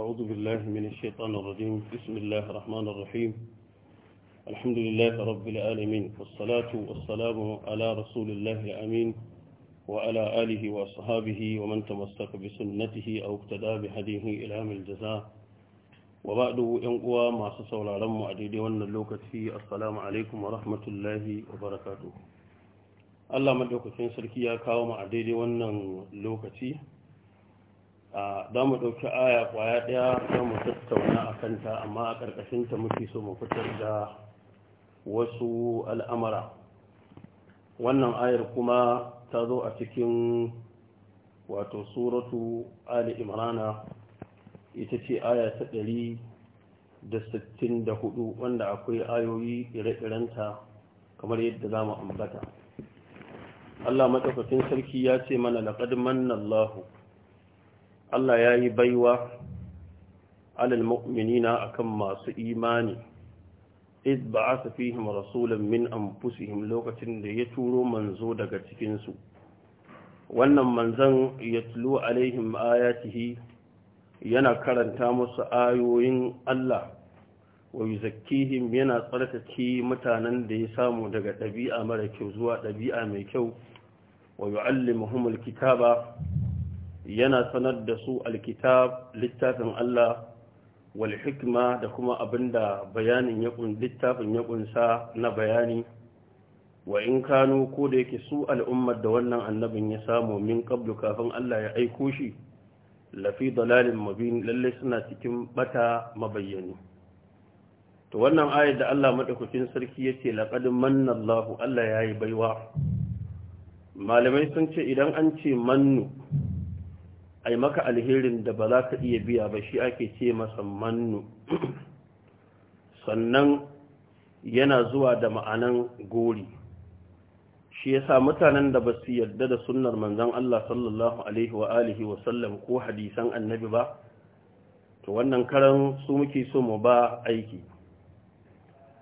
أعوذ بالله من الشيطان الرجيم بسم الله الرحمن الرحيم الحمد لله رب العالمين والصلاة والسلام على رسول الله الأمين وعلى آله وأصحابه ومن تمسك بسنته أو اقتدى بهديه إلى من الجزاء وبعد ينقوى مع سسول عرم وعديد والنلوكة في السلام عليكم ورحمة الله وبركاته Allah madaukakin sarki ya kawo mu a daidai wannan lokaci za mu ɗauki aya kwaya ɗaya za mu tattauna a kanta amma a ƙarƙashinta muke so mu fitar da wasu al'amara wannan ayar kuma ta zo a cikin wato suratu ali imrana ita ce aya ta ɗari da sittin da hudu wanda akwai ayoyi ire-irenta kamar yadda za mu ambata Allah matsakacin sarki ya ce mana laƙadman Allahu Allah ya yi baiwa alal mu'minina akan masu imani iz ba'atha fihim rasulan min anfusihim lokacin da ya turo manzo daga cikin su wannan manzon yatlu alaihim ayatihi yana karanta musu ayoyin Allah wa yuzakkihim yana tsarkake mutanen da ya samu daga ɗabi'a mara kyau zuwa ɗabi'a mai kyau wa yu'allimuhumul kitaba yana sanar da su alkitab littafin Allah wal hikma da kuma abinda bayanin ya littafin ya kunsa na bayani wa in kanu ko da yake su al'ummar da wannan annabin ya samu min qablu kafin Allah ya aiko shi lafi dalalin mabin lalle suna cikin bata mabayyani to wannan ayar da Allah madaukakin sarki yace laqad manna Allahu Allah yayi baiwa malamai sun ce idan an ce mannu ai maka alherin da ba za ka iya biya ba shi ake ce masa mannu sannan yana zuwa da ma'anan gori shi yasa mutanen da ba su yarda da sunnar manzon Allah sallallahu alaihi wa alihi wa sallam ko hadisan annabi ba to wannan karan su muke so mu ba aiki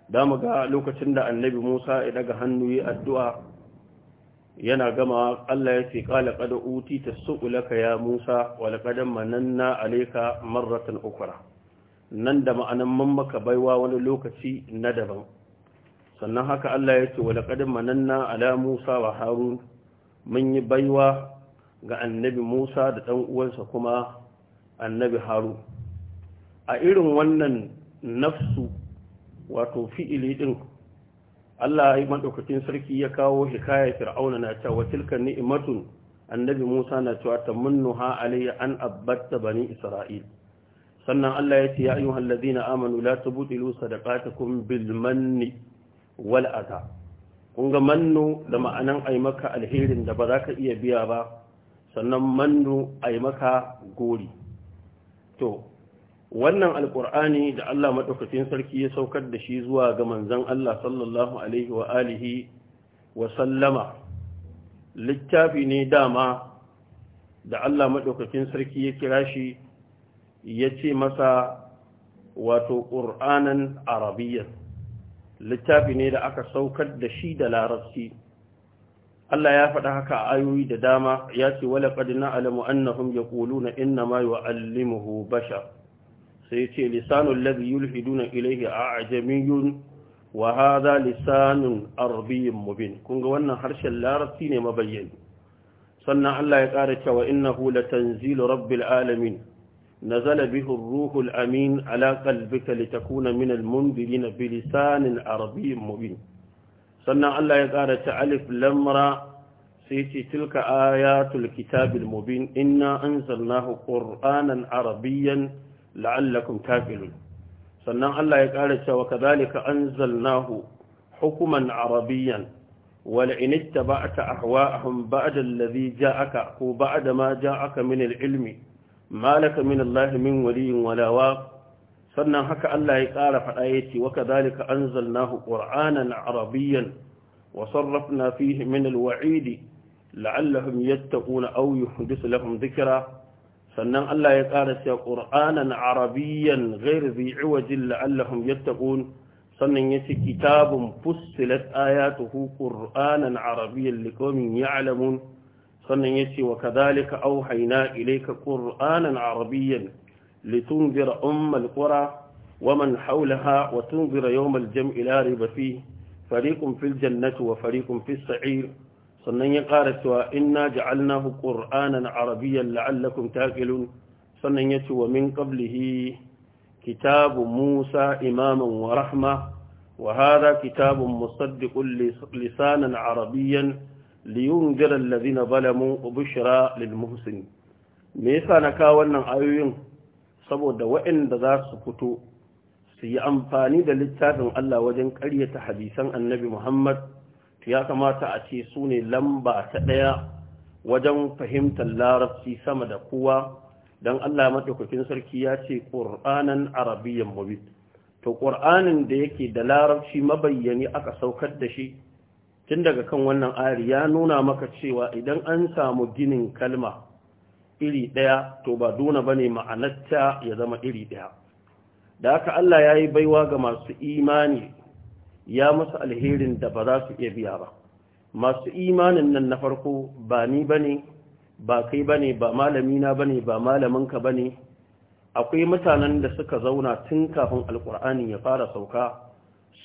da mu ga lokacin da annabi Musa ya daga hannu yi addu'a yana gama Allah ya ce qala qad utita su'ulaka ya Musa wa laqad mananna alayka marratan ukra nan da ma'anan mun maka baiwa wani lokaci na daban sannan haka Allah ya ce wa laqad mananna ala Musa wa Harun mun yi baiwa ga annabi Musa da ɗan uwansa kuma annabi Harun a irin wannan nafsu wato fi'ili din Allah ya madaukakin sarki ya kawo hikayar fir'auna na cewa tilka ni'imatun annabi Musa na cewa tamannuha alayya an abbatta bani Isra'il sannan Allah ya ce ya ayyuhal ladina amanu la tubtilu sadaqatukum bil manni wal adha kun ga mannu da ma'anan ai maka alherin da ba za ka iya biya ba sannan mannu ai maka gori to wannan alkur'ani da Allah madaukakin sarki ya saukar da shi zuwa ga manzon Allah sallallahu alaihi wa alihi wa sallama littafi ne dama da Allah madaukakin sarki ya kira shi ya ce masa wato ƙur'anan arabiyyar littafi ne da aka saukar da shi da larabci Allah ya faɗa haka a ayoyi da dama ya ce wala qad na'lamu annahum yaquluna inna ma yu'allimuhu bashar sai ce lisanul ladhi yulhiduna ilayhi a'jamiyun wa hadha lisanun Arabiyin mubin kun ga wannan harshen larabci ne mabayyani sannan Allah ya ƙara cewa innahu hula rabbil alamin nazala zala ar-ruhul amin ala qalbika litakuna minal na bilisanin Arabiyin mubin sannan Allah ya ƙara ta alif lamra sai ce tilka ayatul kitabil mubin inna anzalnahu ƙur'anan Arabiyan. la'allakum taqilun sannan Allah ya ƙara cewa kadhalika anzalnahu hukuman arabiyyan wal in ittaba'ta ahwa'ahum ba'da alladhi aka ko ba'da ma ja'aka min al-ilmi malaka min Allah min waliyyin wala sannan haka Allah ya ƙara faɗa yace wa kadhalika anzalnahu qur'anan arabiyyan wa sarrafna fihi min al-wa'idi la'allahum yattaquna aw yuhdithu lahum dhikra فنن الله يقال سيا قرآنا عربيا غير ذي عوج لعلهم يتقون سنن يسي كتاب فصلت آياته قرآنا عربيا لكم يعلمون سنن يسي وكذلك أوحينا إليك قرآنا عربيا لتنذر أم القرى ومن حولها وتنذر يوم الجمع لا ريب فيه فريق في الجنة وفريق في السعير sannan ya ƙara cewa inna ja'alnahu qur'anan arabiyyan la'allakum taqilun sannan ya ce wa min qablihi kitabu musa imaman wa rahma wa hadha kitabun musaddiqun lisanan arabiyyan liyunzira alladhina zalamu wa bushra lil muhsinin me yasa na kawo wannan ayoyin saboda waɗanda za su fito su yi amfani da littafin Allah wajen ƙaryata hadisan Annabi Muhammad ya kamata a ce su ne lamba ta ɗaya wajen fahimtar larabci sama da kowa don Allah maɗaukakin sarki ya ce ƙur'anan arabiyyan mubin to ƙur'anin da yake da larabci mabayyani aka saukar da shi tun daga kan wannan ayar ya nuna maka cewa idan an samu ginin kalma iri ɗaya to ba duna ba ne ma'anarta ya zama iri ɗaya da haka Allah ya yi baiwa ga masu imani ya masu alherin da ba za su iya biya ba masu imanin nan na farko ba ni ba ne, ba kai ba ne, ba malamina ba ne, ba malaminka ba ne. akwai mutanen da suka zauna tun kafin alkur'ani ya fara sauka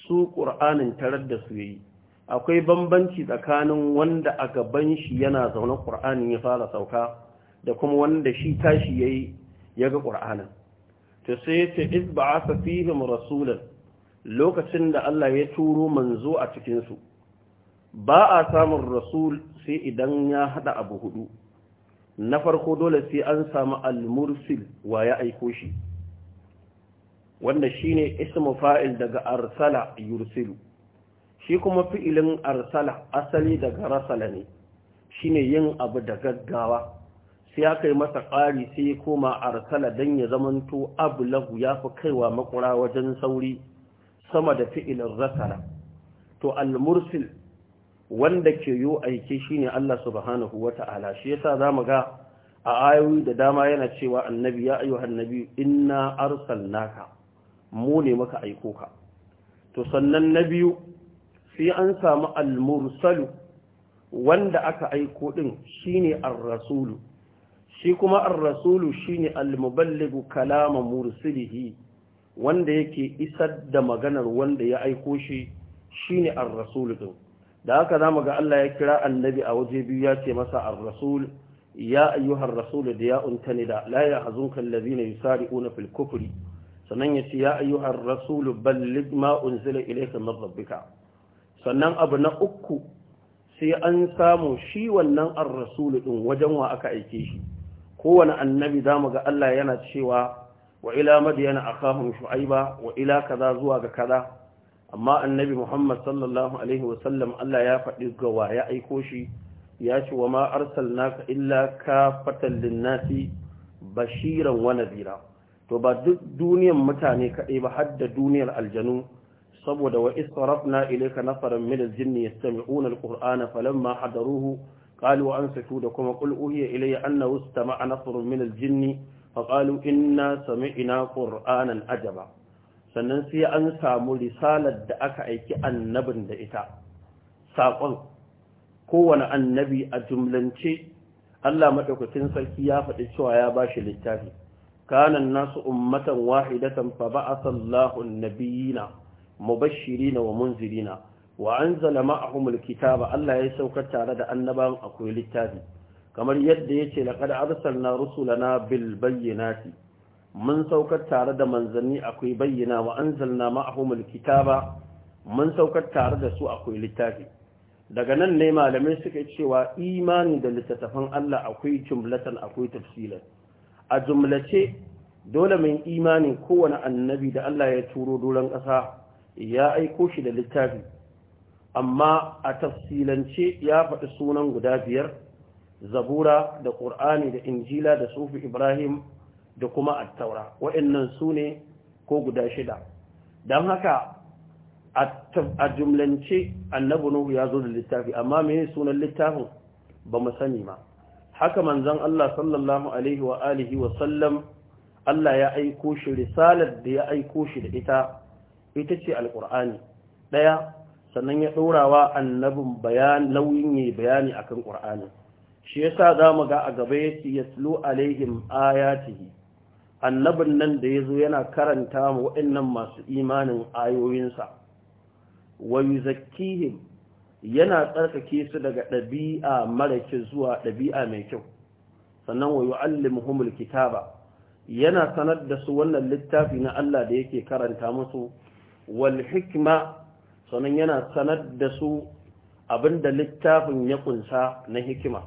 su ƙur'anin tarar da su yi akwai bambanci tsakanin wanda a gaban shi yana zaune ƙur'ani ya fara sauka da kuma wanda shi tashi yayi ya ga ƙur'anin Ta sai ya isba'a isba'asa lokacin da Allah ya turo manzo a cikinsu ba a samun rasul sai idan ya hada abu hudu na farko dole sai an samu al-mursil wa ya aiko shi wanda shine ismu fa'il daga arsala yursilu shi kuma fi'ilin arsala asali daga rasala ne shine yin abu da gaggawa sai aka yi masa ƙari sai ya koma arsala don ya zamanto abu lagu ya fi kaiwa makura wajen sauri sama da fi'ilin zakara to almursil wanda ke yo aike shine Allah subhanahu wata'ala shi yasa zamu ga a ayoyi da dama yana cewa annabi ya ayyuhan nabi inna arsalnaka mu ne muka aiko ka to sannan na biyu sai an samu almursalu wanda aka aiko din shine ar-rasulu shi kuma ar-rasulu shine almuballigu kalaman kalama mursilihi wanda yake isar da maganar wanda ya aiko shi shine ar-rasul din da haka zamu ga Allah ya kira annabi a waje biyu ya ce masa ar-rasul ya ayyuhar rasul da ya untanida la yahzunka alladhina yusari'una fil kufri sannan ya ce ya ayyuhar rasul balligh ma unzila ilayka min rabbika sannan abu na uku sai an samu shi wannan ar-rasul din wajen wa aka aike shi kowane annabi zamu ga Allah yana cewa wa'ila ila madiyana akahum shu'aiba waila ila kaza zuwa ga kaza amma annabi muhammad sallallahu alaihi wasallam Allah ya faɗi ga wa ya aiko shi ya ce wa ma naka illa kafatan linnasi bashiran wani zira to ba duk duniyar mutane kaɗai ba har da duniyar aljanu saboda wa israfna ilayka nafaran min aljinni yastami'una alqur'ana falamma hadaruhu qalu ansatu da kuma qul uhiya ilayya annahu istama'a nafarun min aljinni faƙalu sami ina ƙur'anan ajaba sannan sai an samu risalar da aka aiki annabin da ita saƙon kowane annabi a jumlance Allah maɗaukacin sarki ya faɗi cewa ya ba shi littafi kanan nasu ummatan wahidatan fa ba'atha Allahu an-nabiyina mubashshirina wa munzirina wa anzala ma'ahum al Allah ya saukar tare da annaban akwai littafi kamar yadda ya ce laƙar rusula na bil bayyanati mun saukar tare da manzanni akwai bayyana wa anzalna ma'ahumul kitaba mun saukar tare da su akwai littafi daga nan ne malamai suka yi cewa imani da littattafan Allah akwai jumlatan akwai tafsilan a jumlace dole mai imani kowane annabi da Allah ya turo doron ƙasa ya aiko shi da littafi amma a tafsilance ya faɗi sunan guda biyar zabura da ƙur'ani da injila da sufi ibrahim da kuma attaura waɗannan su ne ko guda shida don haka a jumlance annabi nuhu ya zo da littafi amma mene sunan littafin ba mu sani ma haka manzon Allah sallallahu alaihi wa alihi wa sallam Allah ya aiko shi risalar da ya aiko shi da ita ita ce alqur'ani Ɗaya sannan ya dorawa annabin bayan lauyin bayani akan qur'anin shi yasa za mu ga a gaba ya ci ya sulu alaihim ayatihi annabin nan da ya zo yana karanta mu waɗannan masu imanin ayoyinsa wa yuzakkihim yana tsarkake su daga ɗabi'a mara kyau zuwa ɗabi'a mai kyau sannan wa yu'allimuhumul kitaba yana sanar da su wannan littafi na Allah da yake karanta musu wal hikma sannan yana sanar da su abinda littafin ya kunsa na hikima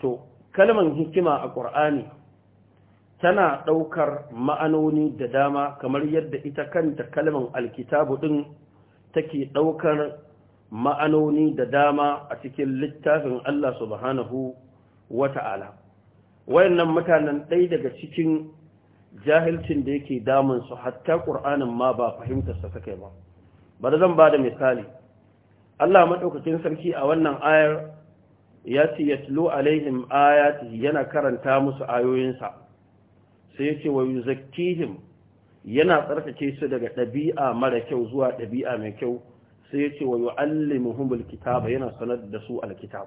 to kalman hikima a ƙur'ani tana ɗaukar ma'anoni da dama kamar yadda ita kanta kalman alkitabu ɗin take ɗaukar ma'anoni da dama a cikin littafin Allah subhanahu wa ta'ala wayannan mutanen ɗaya daga cikin jahilcin da yake su hatta ƙur'anin ma ba fahimtarsa sa ba bari zan ba da misali Allah maɗaukacin sarki a wannan ayar ya ce yatlu alaihim ayati yana karanta musu ayoyinsa sai yake wa yuzakkihim yana tsarkake su daga ɗabi'a mara kyau zuwa ɗabi'a mai kyau sai yake wa yu'allimuhum alkitab yana sanar da su alkitab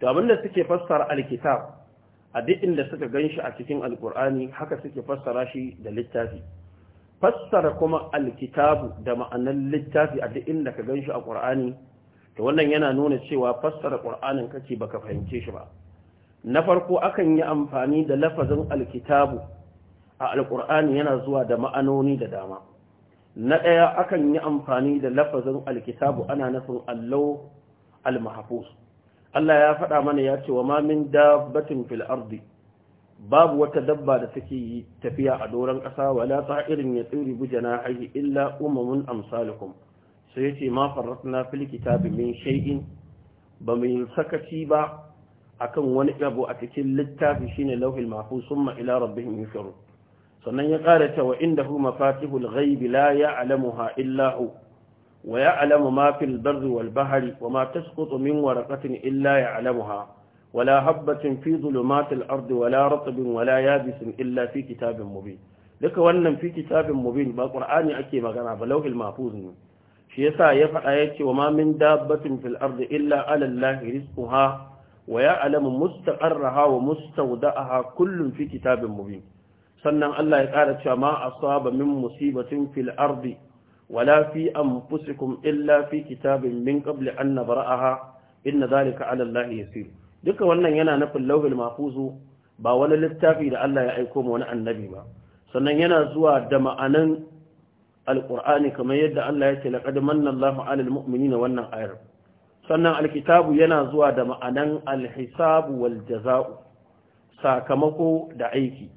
to abinda suke fassara alkitab a duk inda suka ganshi a cikin alkur'ani haka suke fassara shi da littafi fassara kuma alkitabu da ma'anar littafi a duk inda ka ganshi a qur'ani to wannan yana nuna cewa fassara qur'anin kake baka fahimce shi ba na farko akan yi amfani da lafazin alkitabu a alqur'ani yana zuwa da ma'anoni da dama na daya akan yi amfani da lafazin alkitabu ana nufin allo almahfuz Allah ya faɗa mana ya ce wa ma min dabbatin fil ardi babu wata dabba da take tafiya a doron ƙasa wala ta irin ya tsiri bujana haihi illa umamun amsalikum sai yace ma farratna fil kitabi min shay'in ba mu sakaci ba akan wani abu a cikin littafi shine lauhil mahfuz summa ila rabbihim yusharun sannan ya ƙara cewa indahu mafatihul ghaibi la ya'lamuha illa hu wa ya'lamu ma fil barri wal bahri wa ma tasqutu min waraqatin illa ya'lamuha wala habatin fi dhulumatil ardi wala ratbin wala yabisin illa fi kitabin mubin duka wannan fi kitabin mubin ba ƙur'ani ake magana ba lauhin mahfuz ne shi yasa ya faɗa ya ce wa ma min dabbatin fil ardi illa ala Allah rizquha wa ya'lamu mustaqarraha wa mustawda'aha kullun fi kitabin mubin sannan Allah ya ƙara cewa ma asaba min musibatin fil ardi wala fi anfusikum illa fi kitabin min qabli an nabra'aha inna dhalika ala Allah yasir duka wannan yana nufin lauhil mahfuzu ba wani littafi da Allah ya aiko ma wani annabi ba sannan yana zuwa da ma'anan alƙur'ani kamar yadda Allah ya ce "Laƙad manna Allahu 'alal mu'minina wannan ayar sannan alkitabu yana zuwa da ma'anan alhisabu wal jaza'u sakamako da aiki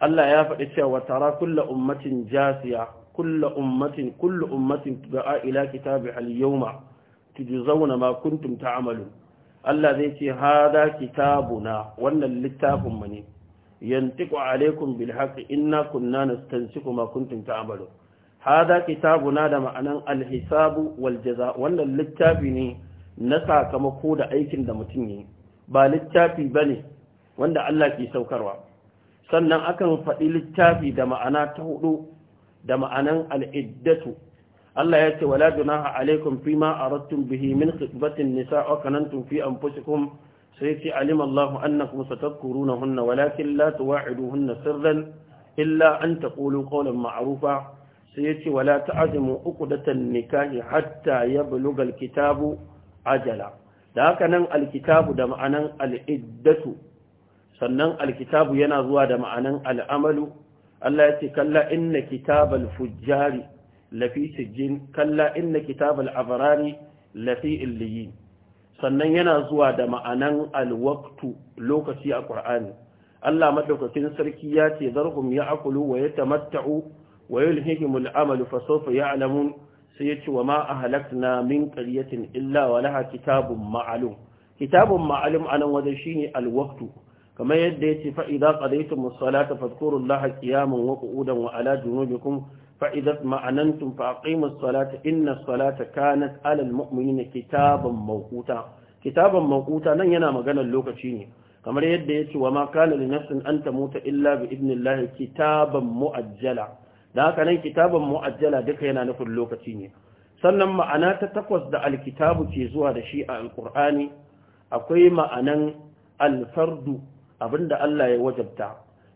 Allah ya faɗi cewa tara kullu ummatin jasiya kullu ummatin kullu ummatin tu'a ila kitabi al-yawma tujzauna ma kuntum ta'malun Allah zai ce hada kitabuna wannan littafin mu ne yantiqu alaikum bil haqqi inna kunna nastansiku ma kuntum ta'malun hada na da ma'anan alhisabu wal jaza wannan littafi ne na sakamako da aikin da mutum yi ba littafi ba ne wanda Allah ke saukarwa sannan akan faɗi littafi da ma'ana ta hudu da ma'anan al'iddatu Allah ya ce wala dunaha alaikum fima aradtum bihi min khitbatin nisa wa kanantum fi anfusikum sai ce alima Allahu annakum satadhkurunahunna walakin la tuwa'iduhunna sirran illa an taqulu qawlan ma'rufa sai yace wala da uqdatan nikahi hatta ya yablugha kitabu ajala da haka nan alkitabu da ma'anan al'iddatu sannan alkitabu yana zuwa da ma'anan al'amalu Allah ya ce kalla inna kitabar fujjari lafi sijjin kalla inna kitabar abrari lafi illiyin sannan yana zuwa da ma'anan alwaktu lokaci a ƙur'ani Allah madaukakin sarki ya ce zarhum ya akulu wa ya tamatta'u wa yulhihimul amalu fa sawfa ya'lamun sai yace wa ma ahlakna min qaryatin illa wa kitabun ma'lum kitabun ma'lum anan wajen shine alwaqtu kamar yadda yace fa idza qadaytum as-salata fadhkurullaha qiyaman wa qu'udan wa ala junubikum fa idza ma'anantum fa aqimus salata inna as-salata kanat 'ala al-mu'minina kitaban mawquta kitaban mawquta nan yana maganar lokaci ne kamar yadda yace wa ma kana li nafsin an tamuta illa bi idnillahi kitaban mu'ajjala da haka nan kitabun mu'ajjala duka yana nufin lokaci ne sannan ma'ana ta takwas da alkitabu ke zuwa da shi a alkur'ani akwai ma'anan alfardu abinda Allah ya wajabta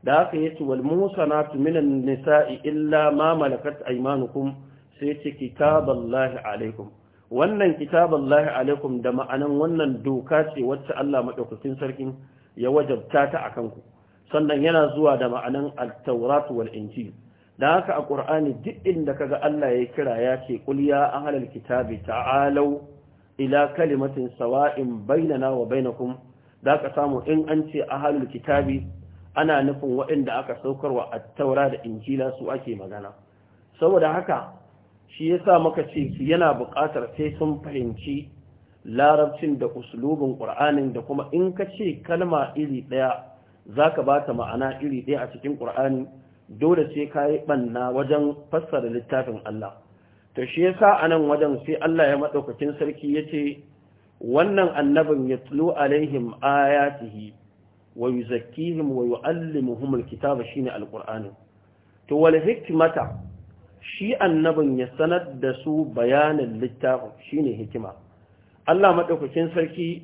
da haka yace wal musanatu minan nisa'i illa ma malakat aymanukum sai ce kitaballahi alaikum wannan kitaballahi alaikum da ma'anan wannan doka ce wacce Allah madaukakin sarkin ya wajabta ta akan ku sannan yana zuwa da ma'anan at-taurat wal injil da haka a ƙur'ani duk inda ka ga Allah ya kira ya ce qul ya ahlal kitabi ta'alu ila kalimatin sawa'in bainana wa bainakum da ka samu in an ce ahlul kitabi ana nufin waɗanda aka saukarwa a taura da injila su ake magana saboda haka shi yasa maka ce yana buƙatar sai sun fahimci larabcin da uslubin ƙur'anin da kuma in ka ce kalma iri ɗaya zaka ta ma'ana iri ɗaya a cikin ƙur'ani dole sai ka yi ɓanna wajen fassara littafin Allah to shi yasa a nan wajen sai Allah ya maɗaukakin sarki ya ce wannan annabin ya tulu alaihim ayatihi wa yuzakkihim wa yu'allimuhum alkitaba shine alqur'ani to wal hikmata shi annabin ya sanar da su bayanin littafin shine hikima Allah maɗaukakin sarki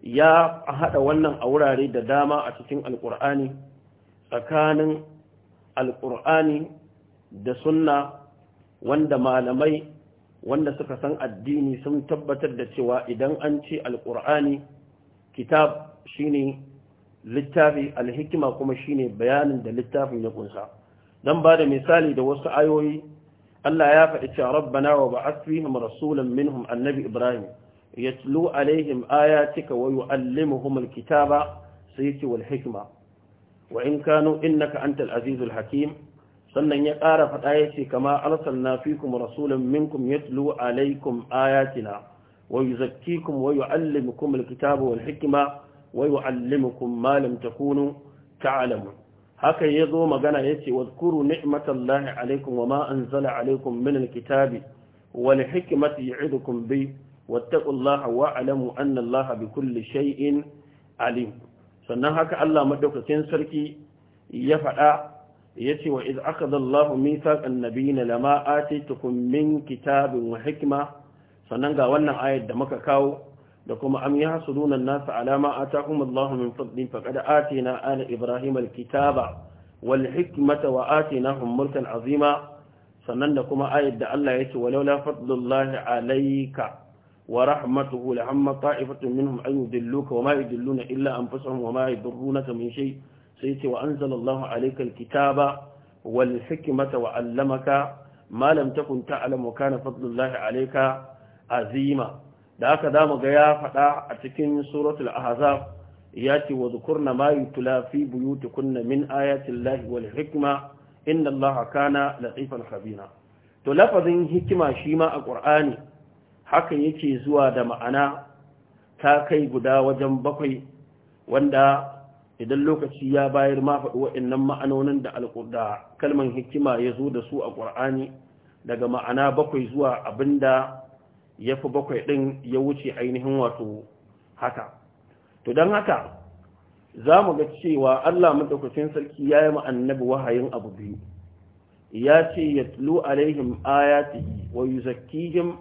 ya haɗa wannan a wurare da dama a cikin alƙur'ani tsakanin alƙur'ani da sunna wanda malamai wanda suka san addini sun tabbatar da cewa idan an ce alƙur'ani kitab shine littafi alhikima kuma shine bayanin da littafin ya kunsa dan ba da misali da wasu ayoyi Allah ya faɗi cewa rabbana wa ba'ath fihim rasulan minhum annabi ibrahim yatlu alaihim ayatika wa yuallimuhum alkitaba sayyidi wal hikma wa in kanu innaka antal azizul hakim sannan ya ƙara faɗa yace kama arsalna fikum rasulun minkum yatlu alaikum ayatina wa yuzakkikum wa yuallimukum alkitaba wal hikma wa yuallimukum ma lam takunu ta'lamun haka yazo magana yace wadhkuru ni'matallahi alaykum wa ma anzala alaikum min alkitabi wal hikmati yu'idukum bi wattaqullaha wa'lamu anna allaha bikulli shay'in alim sannan haka Allah madaukakin sarki ya faɗa ya ce wa iz akhadha Allahu mithaqan na lama atitukum min kitabin wa hikima sannan ga wannan ayar da muka kawo da kuma am yahsuduna nasa ala ma ataakum Allahu min fadlin atina ala ibrahima al-kitaba wal hikimata wa atinahum mulkan azima sannan da kuma ayar da Allah ya ce walaula fadlullahi alaika ورحمته لعم طائفة منهم أن يدلوك وما يدلون إلا أنفسهم وما يضرونك من شيء سيتي وأنزل الله عليك الكتاب والحكمة وعلمك ما لم تكن تعلم وكان فضل الله عليك عظيما ذاك دام غيا فدا أتكين سورة الأحزاب ياتي وذكرنا ما يتلى في بيوتكن من آيات الله والحكمة إن الله كان لطيفا خبيرا تلفظ حكمة شيما القرآن hakan yake zuwa da ma'ana ta kai guda wajen bakwai wanda idan lokaci ya bayar ma faɗi waɗannan ma'anonin da alƙurda kalman hikima ya zo da su a ƙur'ani daga ma'ana bakwai zuwa abin da ya fi bakwai ɗin ya wuce ainihin wato haka to don haka za mu ga cewa allah madaukacin sarki ya yi annabi wahayin abu biyu ya ce ya tulu alaihim ayati wa yuzakkihim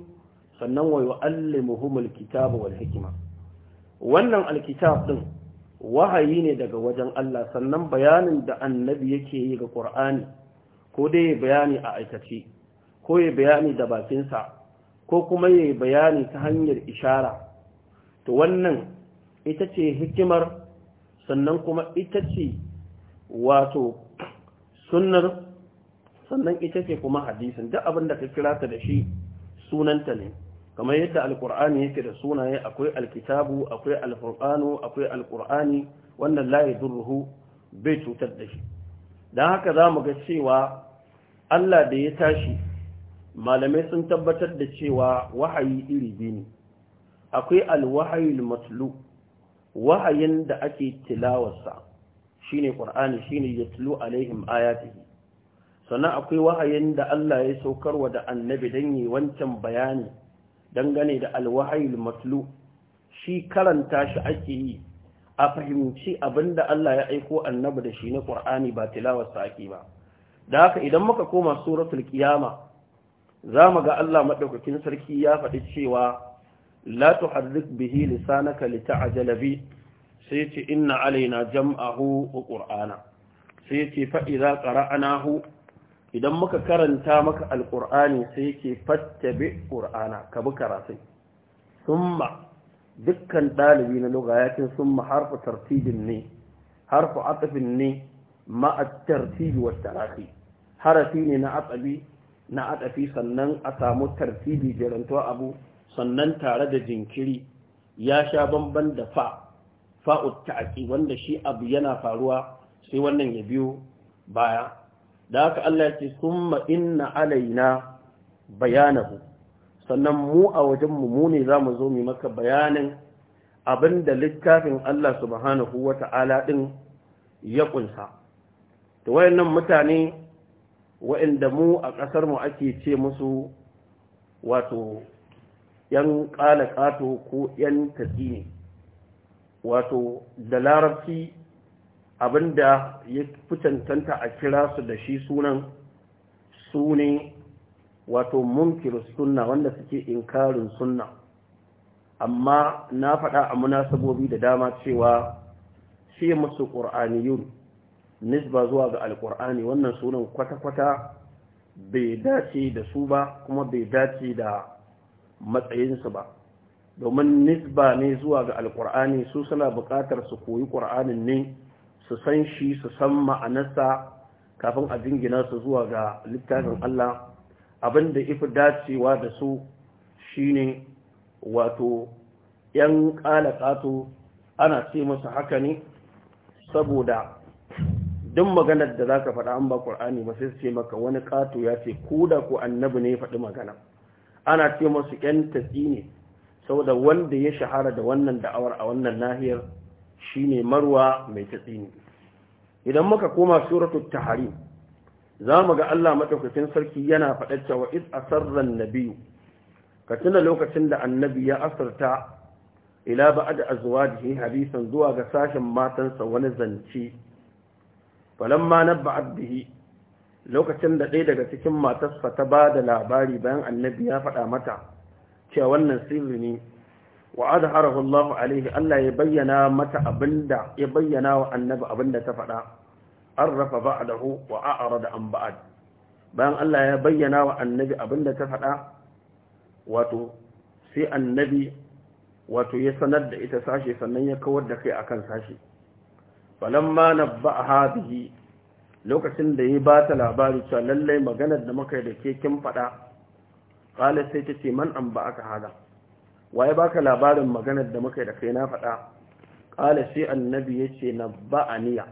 sannan wa yu'allimuhum alkitaba wal hikma wannan alkitab din wahayi ne daga wajen Allah sannan bayanin da annabi yake yi ga Qur'ani ko dai bayani a aikace ko ya bayani da bakinsa ko kuma ya bayani ta hanyar ishara to wannan ita ce hikimar sannan kuma ita ce wato sunnar sannan ita ce kuma hadisin duk abin da ka kira ta da shi sunanta ne kamar yadda alkur'ani yake da sunaye akwai alkitabu akwai alfurqanu akwai alkur'ani wannan la yadurruhu bai cutar da shi dan haka zamu ga cewa Allah da ya tashi malamai sun tabbatar da cewa wahayi iri biyu ne akwai alwahayul matlu wahayin da ake tilawarsa shine qur'ani shine yatlu alaihim ayatihi sannan akwai wahayin da Allah ya saukarwa da annabi dan yi wancan bayani dangane da alwahayul matlu shi karanta shi ake yi a fahimci abinda Allah ya aiko annabi da shi na Qur'ani ba tilawarsa ake ba da haka idan muka koma suratul qiyama zamu ga Allah madaukakin sarki ya faɗi cewa la tuharrik bihi lisanaka lita'jala bi sai yace inna alaina jam'ahu wa qur'ana sai yace fa idza qara'nahu idan muka karanta maka alƙur'ani sai yake fattabe ƙur'ana ka bi karatun summa dukkan ɗalibi na lugayatin summa harfa tartibin ne harfa atafin ne ma'a tartibi wa tarafi harafi ne na atsabi na atafi sannan a samu tartibi jirantuwa abu sannan tare da jinkiri ya sha bamban da fa fa'ut wanda shi abu yana faruwa sai wannan ya biyo baya da haka Allah ya ce summa inna alaina bayanahu sannan mu a wajenmu mu ne za mu zo mu maka bayanin abinda littafin Allah subhanahu wa ta'ala ɗin ya ƙunsa. Ta wayannan mutane wa'inda mu a ƙasarmu ake ce musu wato ‘yan ƙala ƙato ko ‘yan tatsi ne, wato da larabci abinda ya fi a kira su da shi sunan su wato munkiru sunna wanda suke inkarin sunna amma na faɗa a munasabobi da dama cewa shi musu ƙur'aniyun nisba zuwa ga alƙur'ani wannan sunan kwata-kwata bai dace da su ba kuma bai dace da matsayinsu ba domin nisba ne zuwa ga alƙur'ani su suna buƙatar su koyi ƙur'anin ne su san shi su san ma'anarsa kafin a jingina su zuwa ga littafin Allah abin da ifi dacewa da su shine wato ‘yan ƙato, ana ce masu haka ne saboda duk maganar da za ka faɗa an ba ƙur'ani ba sai ce maka wani ƙato ya ce ko da ko annabi ne faɗi magana ana ce masu ‘yan tatsi ne saboda wanda ya shahara da wannan da'awar a wannan nahiyar shine marwa mai tatsini idan muka koma suratul tahrim zamu ga Allah madaukakin sarki yana faɗa cewa is asarran nabiyyu ka tuna lokacin da annabi ya asarta ila ba'd azwajihi hadisan zuwa ga sashin matansa wani zance falamma nabba'at bihi lokacin da ɗaya daga cikin matarsa ta ba da labari bayan annabi ya faɗa mata cewa wannan sirri ne wa adharahu alaihi Allah ya bayyana mata abinda ya bayyana wa annabi abinda ta faɗa arrafa ba'dahu wa a'rada an ba'd bayan Allah ya bayyana wa annabi abinda ta faɗa wato sai annabi wato ya sanar da ita sashe sannan ya kawar da kai akan sashe falamma a bihi lokacin da ya ba ta labari cewa lallai maganar da muka da ke kin faɗa qala sai ta ce man an ba'aka hada waye baka labarin maganar da muka da kai na faɗa ƙala sai annabi ya ce na ba'aniya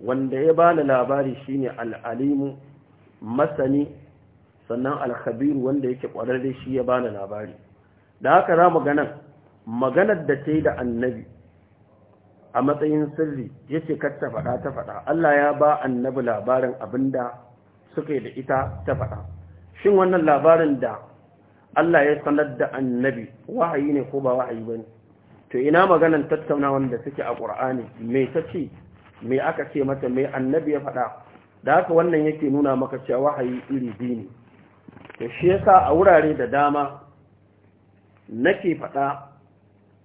wanda ya bani labari shine al'alimu masani sannan alkhabiru wanda yake ƙwararre shi ya bani labari da haka za ganan maganar da ta yi da annabi a matsayin sirri ya ce ta faɗa ta faɗa Allah ya ba annabi labarin abinda suka yi da ita ta faɗa shin wannan labarin da Allah ya sanar da annabi wahayi ne ko ba wahayi ba ne? to ina maganan tattaunawan da suke a ƙur'ani? me tace me aka ce mata me annabi ya faɗa da haka wannan yake nuna maka cewa wahayi iri biyu ne to shi yasa a wurare da dama nake faɗa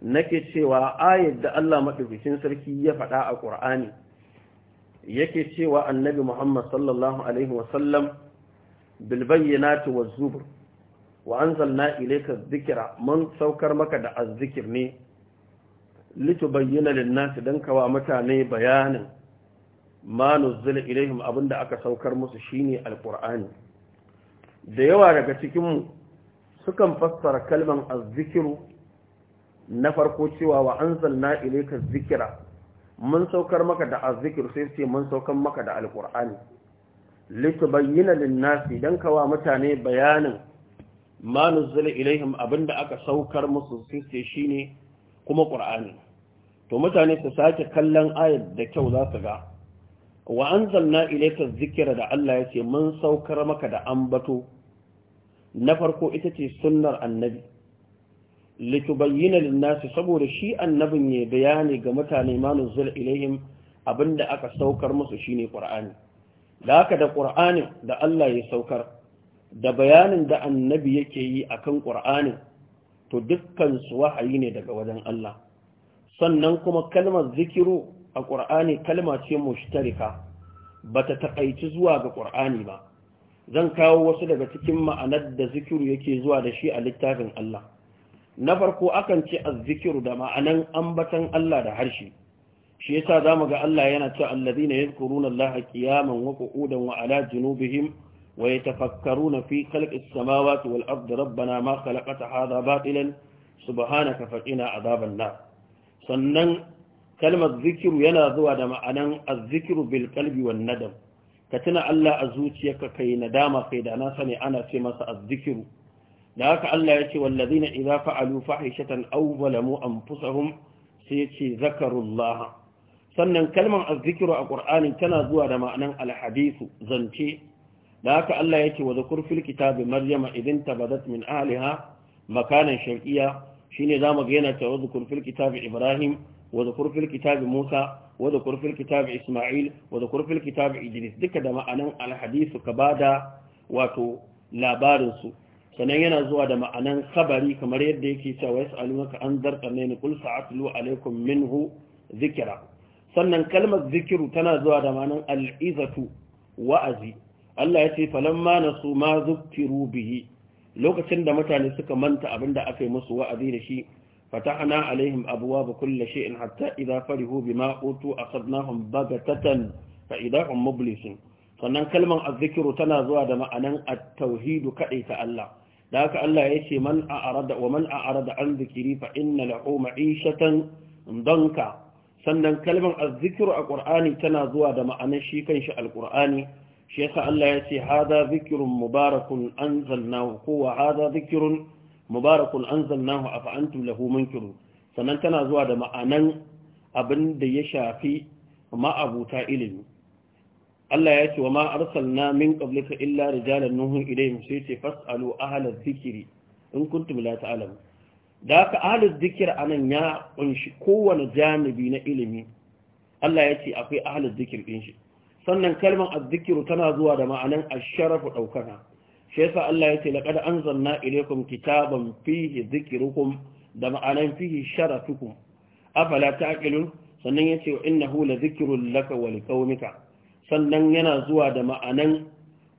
nake cewa ayat da Allah madaukakin sarki ya faɗa a Qur'ani yake cewa annabi Muhammad sallallahu alaihi wasallam bil bayyinati waz zubur wa anzalna ilayka dhikra mun saukar maka da azzikir ne litubayyana lin-nasi dan kawa mutane bayanin ma nuzila ilaihim abinda aka saukar musu shine alqur'ani da yawa daga cikin mu sukan fassara kalman azzikiru na farko cewa wa anzalna ilayka dhikra mun saukar maka da azzikir sai ce mun saukar maka da alqur'ani litubayyana lin-nasi dan kawa mutane bayanin ma nuzzila ilaihim abinda aka saukar musu sai shine kuma qur'ani to mutane su sake kallon ayat da kyau za su ga wa anzalna ilayka dhikra da Allah yace mun saukar maka da ambato na farko ita ce sunnar annabi litubayyana lin-nasi saboda shi annabin ya bayani ga mutane ma nuzzila ilaihim abinda aka saukar musu shine qur'ani da haka da qur'ani da Allah ya saukar da bayanin da annabi yake yi akan ƙur'anin to dukkansu wahayi ne daga wajen Allah sannan kuma kalmar zikiru a ƙur'ani kalma ce mushtarika ta taƙaici zuwa ga ƙur'ani ba zan kawo wasu daga cikin ma'anar da zikiru yake zuwa da shi a littafin Allah na farko akan ce azzikiru da ma'anan ambatan Allah da harshe shi yasa zamu ga Allah yana cewa allazina yadhkuruna Allah qiyaman wa qu'udan wa ala junubihim ويتفكرون في خلق السماوات والأرض ربنا ما خلقت هذا باطلا سبحانك فقنا عذاب النار sannan kalmar zikiru yana zuwa da ma'anan azzikiru bil kalbi wan nadam ka tuna Allah a zuciyarka kai nadama kai da na sani ana ce masa azzikiru da haka Allah ya ce wallazina idza fa'alu fahishatan aw zalamu anfusahum sai ce zakarullah sannan kalmar azzikiru a Qur'ani tana zuwa da ma'anan alhadisu zance da haka Allah ya wa zakur fil kitabi maryama idin tabadat min ahliha makanan sharqiyya shine zamu ga yana cewa zakur fil kitabi ibrahim wa zakur fil kitabi musa wa zakur fil kitabi isma'il wa zakur fil kitabi idris duka da ma'anan al kabada wato labarin su sannan yana zuwa da ma'anan khabari kamar yadda yake cewa yas'alunaka an darqanaini qul sa'atlu alaykum minhu zikira sannan kalmar zikiru tana zuwa da ma'anan al'izatu wa'azi Allah ya ce falamma nasu ma zukkiru bihi lokacin da mutane suka manta abinda aka yi musu wa'azi da shi fatahna alaihim abwaaba kulli shay'in hatta idza farihu bima utu asabnahum bagatatan fa idahum mublisun sannan kalman zikiru tana zuwa da ma'anan at-tauhid kadai ta Allah da haka Allah ya ce man a'rada wa man a'rada an zikiri fa inna lahu ma'ishatan danka sannan kalman azzikiru a qur'ani tana zuwa da ma'anan shi kanshi al-qur'ani shi Allah ya ce hada zikirun mubarakun anzalnahu ko hada zikirun mubarakun anzalnahu a antum lahu munkiru sannan tana zuwa da ma'anan abin da ya shafi ma'abuta ilimi Allah ya ce wa ma arsalna min qablika illa rijalan nuhu ilayhim sai ce fasalu ahla dhikri in kuntum la alam." da aka ahalin zikir a nan ya kunshi kowane janibi na ilimi Allah ya ce akwai ahalin zikir ɗin shi sannan kalmar azzikiru tana zuwa da ma'anan asharafu ɗaukaka shi yasa Allah ya ce laqad anzalna ilaykum kitaban fihi dhikrukum da ma'anan fihi sharafukum afala taqilun sannan yace wa innahu ladhikrun laka wa liqaumika sannan yana zuwa da ma'anan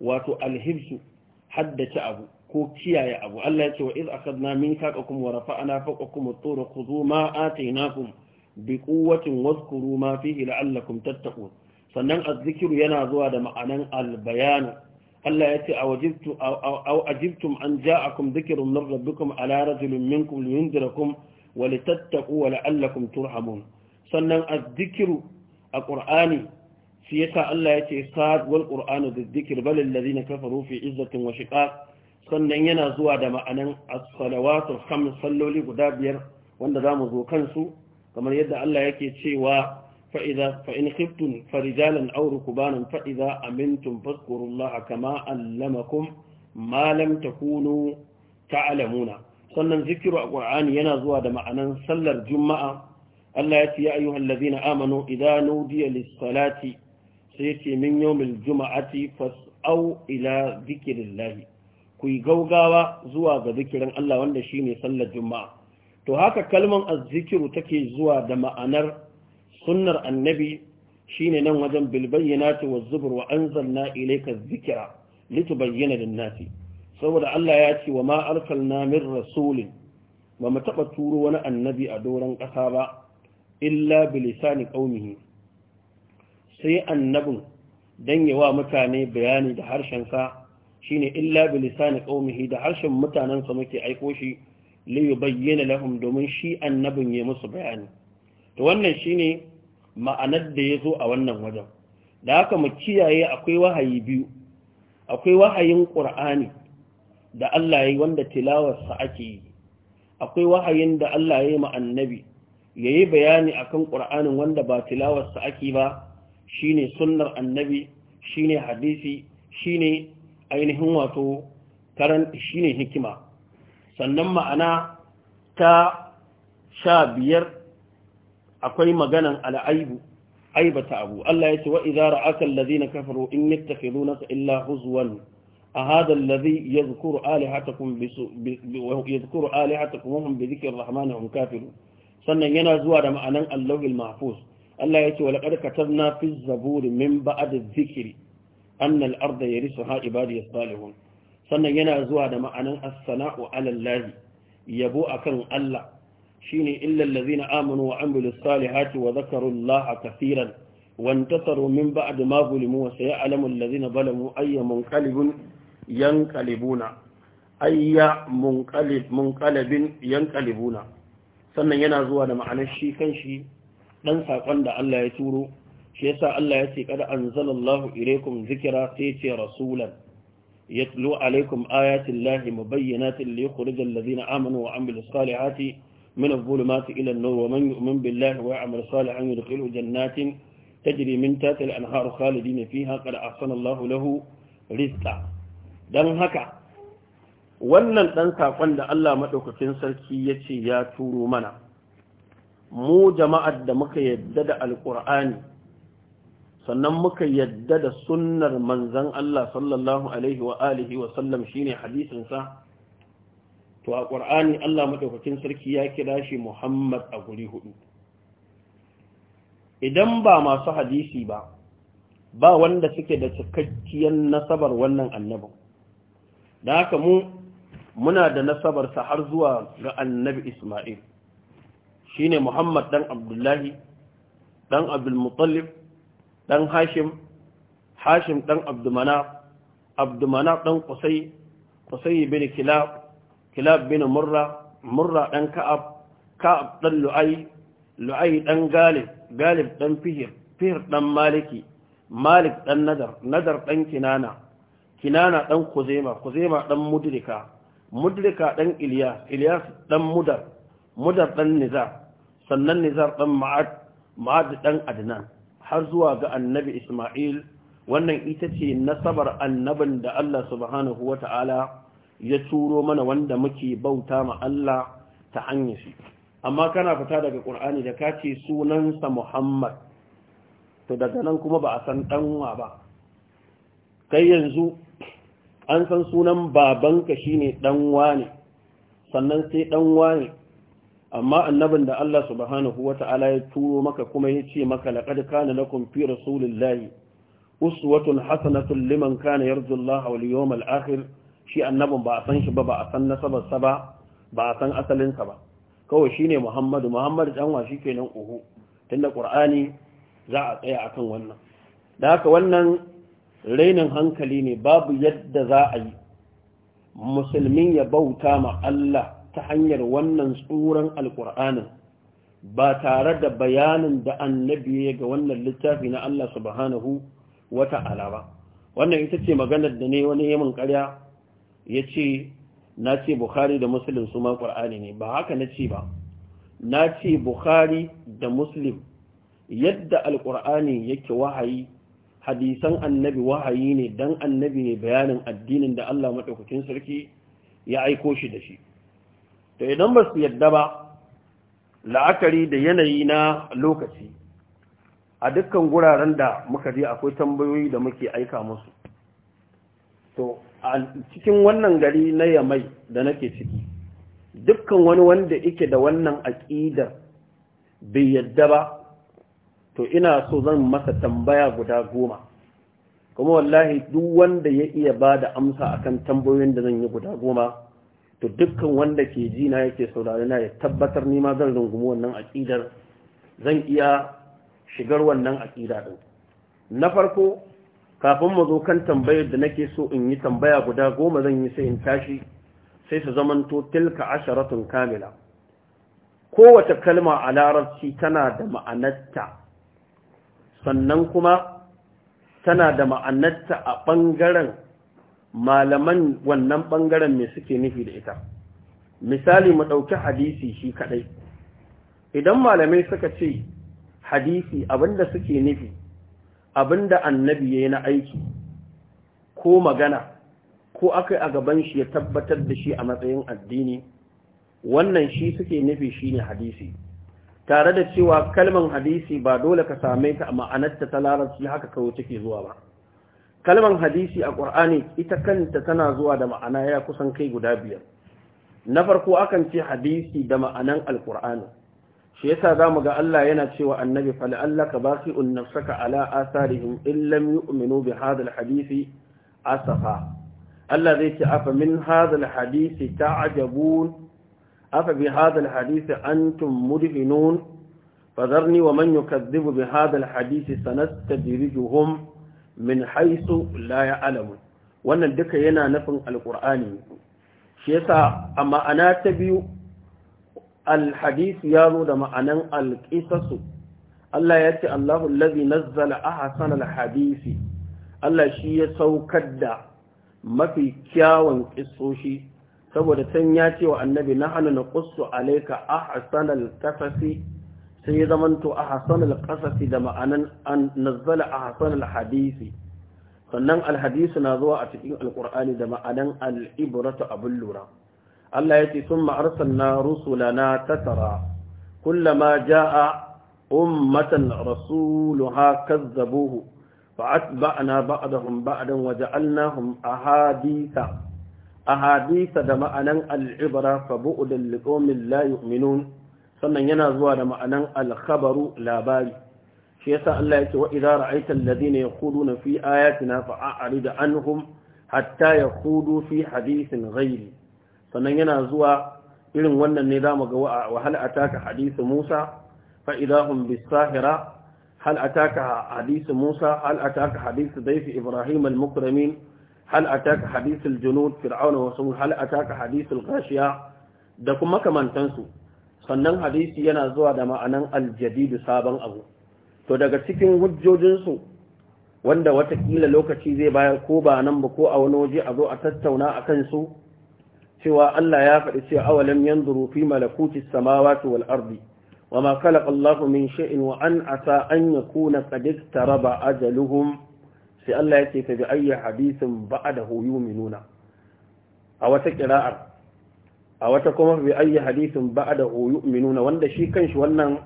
wato alhibsu haddace abu ko kiyaye abu Allah ya ce wa iz akhadna minkakum wa rafa'na fawqakum at-tur khudhu ma atainakum biquwwatin wadhkuru ma fihi la'allakum tattaqun sannan azzikiru yana zuwa da ma'anan albayanu Allah ya ce a wajibtu aw ajibtum an ja'akum dhikrun min rabbikum ala rajulin minkum liyundirakum wa litattaqu wa la'allakum turhamun sannan azzikiru a qur'ani shi yasa Allah ya ce sad wal qur'anu dhikr bal alladhina kafaru fi izzatin wa shiqaq sannan yana zuwa da ma'anan as-salawatu khams salloli guda biyar wanda zamu zo kansu kamar yadda Allah yake cewa فإذا فإن خفتم فرجالا أو ركبانا فإذا أمنتم فاذكروا الله كما علمكم ما لم تكونوا تعلمون sannan zikiru a ƙur'ani yana zuwa da ma'anan sallar juma'a Allah ya ce ya ayyuhal ladina amanu idza nudiya lis-salati sai ce min yawmil juma'ati fas'au ila zikrillah ku yi gaugawa zuwa ga zikirin Allah wanda shine sallar juma'a to haka kalman az-zikru take zuwa da ma'anar sunnar annabi shine nan wajen bilbayyanati wa zubur wa anzalna ilayka dhikra litubayyana lin-nasi saboda Allah ya ce wa ma arsalna min rasulin ba mu taba turo wani annabi a doron ƙasa ba illa bilisani qaumihi sai annabin dan yawa mutane bayani da harshen sa shine illa bilisani qaumihi da harshen mutanen sa muke aiko shi li yubayyana lahum domin shi annabin ya musu bayani to wannan shine ma'anar da ya zo a wannan wajen da haka mu kiyaye akwai wahayi biyu akwai wahayin ƙur'ani da Allah ya yi wanda tilawarsa ake yi akwai wahayin da Allah ya yi annabi ya yi bayani a kan ƙur'anin wanda ba tilawarsa ake ba Shi ne sunnar annabi Shi ne hadisi Shi ne ainihin wato karanta ne hikima sannan ma'ana ta sha biyar akwai maganan al'aibu aibata abu Allah ya ce wa idza ra'aka na kafaro in yattakhidunaka illa huzwan a hada allazi yadhkuru alihatakum bi yadhkuru alihatakum wa bi dhikri arrahmani hum kafirun sannan yana zuwa da ma'anan allahul mahfuz Allah ya ce wa laqad na fi zaburi min ba'd adh-dhikri anna al-arda yarisuha ibadiy salihun sannan yana zuwa da ma'anan as-sana'u ala yabo akan Allah shine illal ladzina amanu wa amilus salihati wa zakarullaha kaseeran وانتصروا من بعد ما ظلموا وسيعلم الذين ظلموا أي منقلب ينقلبون أي منقلب منقلب ينقلبون sannan yana zuwa da ma'anar shi kan shi ɗan saƙon da Allah ya turo shi yasa Allah ya ce kada anzalallahu ilaikum zikira sai ce rasulan yatlu alaikum ayatin lahi mubayyinatin li lazina ladina amanu wa amilus salihati من الظلمات إلى النور ومن يؤمن بالله ويعمل صالحا يدخله جنات تجري من تحت الأنهار خالدين فيها قد أحسن الله له رزقا دم هكا wannan ɗan saƙon da Allah maɗaukacin sarki ya ce ya turo mana mu jama'ar da muka yadda da alƙur'ani sannan muka yadda da sunnar manzan Allah sallallahu alaihi wa alihi wa sallam shine hadisinsa to a ƙwar'ani Allah maɗaukacin sarki ya kira shi Muhammad a guri hudu idan ba masu hadisi ba ba wanda suke da cikakkiyar nasabar wannan annabin da haka mu muna da nasabarsa har zuwa ga annabi Ismail shine Muhammad ɗan Abdullahi ɗan Abdul Muttalib ɗan Hashim Hashim ɗan Abdumana Abdumana dan ƙusai Qusay bin Kilab kilab bin murra murra dan ka'ab ka'ab dan lu'ai lu'ai dan galib galib dan fihir fihir dan maliki malik dan nadar nadar dan kinana kinana dan kuzaima kuzaima dan mudrika mudrika dan ilyas ilyas dan mudar mudar dan nizar sannan nizar dan ma'ad ma'ad dan adnan har zuwa ga annabi isma'il wannan ita ce nasabar annabin da Allah subhanahu wa ta'ala ya turo mana wanda muke bauta ma Allah ta hanyar shi amma kana fita daga ƙur'ani da kace sunansa Muhammad to daga nan kuma ba a san ɗanwa ba kai yanzu an san sunan babanka shine ɗanwa ne sannan sai ɗanwa ne amma annabin da Allah subhanahu ta'ala ya turo maka kuma ya ce maka laqad kana lakum fi rasulillahi uswatun hasanatun liman kana yarju Allah wal yawmal akhir shi annabin ba a san shi ba ba a san nasabarsa ba ba a san asalinsa ba kawai shine muhammadu muhammadu danwa shi kenan uhu tunda ƙur'ani za a tsaya akan wannan da haka wannan rainin hankali ne babu yadda za a yi musulmi ya bauta ma Allah ta hanyar wannan tsuran alƙur'anin ba tare da bayanin da annabi ya ga wannan littafi na Allah subhanahu wa ta'ala ba wannan ita ce maganar da ne wani yamin karya. ya ce na ce bukhari da Muslim su ma ƙwar'ani ne ba haka na ce ba na ce bukhari da muslim yadda alƙwar'ani yake wahayi hadisan annabi wahayi ne don annabi ne bayanin addinin da allah maɗaukakin sarki ya aiko shi da shi to idan ba su yadda ba la'akari da yanayi na lokaci a dukkan guraren da muka je akwai tambayoyi da muke aika musu to a cikin wannan gari na yamai da nake ciki dukkan wani wanda yake da wannan aƙidar bai yadda ba to ina so zan masa tambaya guda goma kuma wallahi duk wanda ya iya ba da amsa akan tambayoyin da zan yi guda goma to dukkan wanda ke ji na yake saurari na ya tabbatar ni ma zan rungumi wannan aƙidar zan iya shigar wannan aƙida din na farko kafin mu zo kan tambayar da nake so in yi tambaya guda goma zan yi sai in tashi sai su zamanto tilka asharatun kamila kowace kalma a larabci tana da ma'anarta sannan kuma tana da ma'anarta a bangaren malaman wannan bangaren mai suke nufi da ita misali mu ɗauki hadisi shi kaɗai idan malamai suka ce hadisi abinda suke nufi abinda annabi ya yi na aiki ko magana ko akai a gaban shi ya tabbatar da shi a matsayin addini wannan shi suke nufi shi ne hadisi tare da cewa kalman hadisi ba dole ka same ta a ma'anarta ta larabci haka kawo take zuwa ba kalman hadisi a ƙur'ani ita kanta tana zuwa da ma'ana ya kusan kai guda biyar na farko akan ce hadisi da ma'anan alƙur'ani shi yasa zamu ga Allah yana cewa annabi fa la'allaka basi'un nafsaka ala asarihim in lam yu'minu bi hadha hadisi asafa Allah zai ce afa min hadha alhadisi ta'jabun afa bi hadha alhadisi antum mudhinun fadharni wa man yukadhibu bi hadha alhadisi sanastadrijuhum min haythu la ya'lamun wannan duka yana nufin alqur'ani shi yasa amma ana ta biyu الحديث يالو دم أنن القصص الله يأتي الله الذي نزل أحسن الحديث الله شيء سوكد ما mafi كياوان ƙisoshi. saboda can ya ce wa annabi na hana na kusu alaika a hasanar kasasi sai ya zamanto a hasanar kasasi da ma'anan an nazzala a hasanar hadisi sannan alhadisi na zuwa a cikin alkur'ani da ma'anan al'ibrata abin lura Allah ya ce sun ma rusulana tasara kullama ja'a ummatan rasuluha kazzabuhu waje ba'dahum a hadisa. A hadisa da ma'anan al'ibra fa bu'dan liqaumin la sannan yana zuwa da ma'anan al'kabaru labari shi yasa Allah ya ce wa idza ya alladhina na fi ayatina da anhum hatta yaqudu fi hadithin ghairi sannan yana zuwa irin wannan ne za mu ga wa hal taka hadisi Musa fa idahum bisahira hal ataka hadisi Musa hal taka hadisi dayfi Ibrahim al-mukramin hal ataka hadisi junud fir'auna wa sum hal taka hadisi al da kuma kamantansu sannan hadisi yana zuwa da ma'anan Aljadidu sabon abu to daga cikin hujjojinsu wanda watakila lokaci zai bayar ko ba nan ba ko a wani waje a zo a tattauna a kansu cewa Allah ya faɗi cewa awalam yanzuru fi malakuti samawati wal ardi wama khalaqa Allahu min shay'in wa an asa an yakuna qad taraba ajaluhum sai Allah yake ta bi ayyi hadithin ba'dahu yu'minuna a wata qira'ar a wata kuma bi ayyi hadithin ba'dahu yu'minuna wanda shi kanshi wannan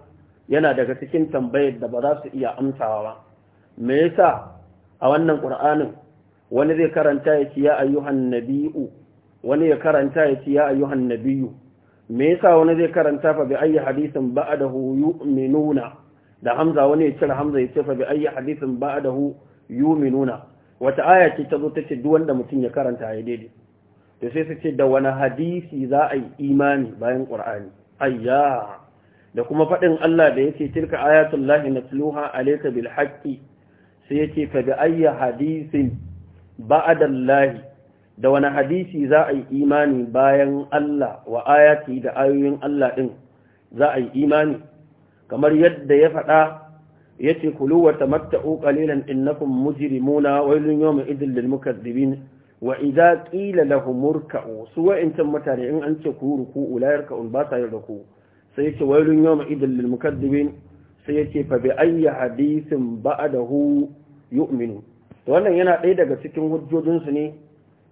yana daga cikin tambayar da ba za su iya amsawa ba me yasa a wannan qur'anin wani zai karanta ya ce ya ayyuhan nabi'u wani ya karanta ya ce ya ayyuhan nabiyyu me yasa wani zai karanta fa bi ayyi hadisin ba'dahu yu'minuna da hamza wani ya cire hamza ya ce fa bi ayyi hadisin ba'dahu yu'minuna wata aya ce ta zo ta ce duk wanda mutum ya karanta ya daidai to sai su ce da wani hadisi za a yi imani bayan qur'ani ayya da kuma faɗin Allah da yake tilka ayatullahi natluha alayka bil haqqi sai yake fa bi ayyi hadisin ba'dallahi da wani hadisi za a yi imani bayan Allah wa ayati da ayoyin Allah ɗin za a yi imani kamar yadda ya faɗa ya ce kulu wa tamatta'u qalilan innakum mujrimuna waylun yawma idhil lil mukaththibin wa idza qila lahum urka'u su wa'intan mutane in an ce ku ruku ulayar ka'un ba sa yin ruku sai ya ce waylun yawma idhil lil mukaththibin sai ya ce fa bi ayyi da hu yu'minu wannan yana ɗaya daga cikin hujjojinsu ne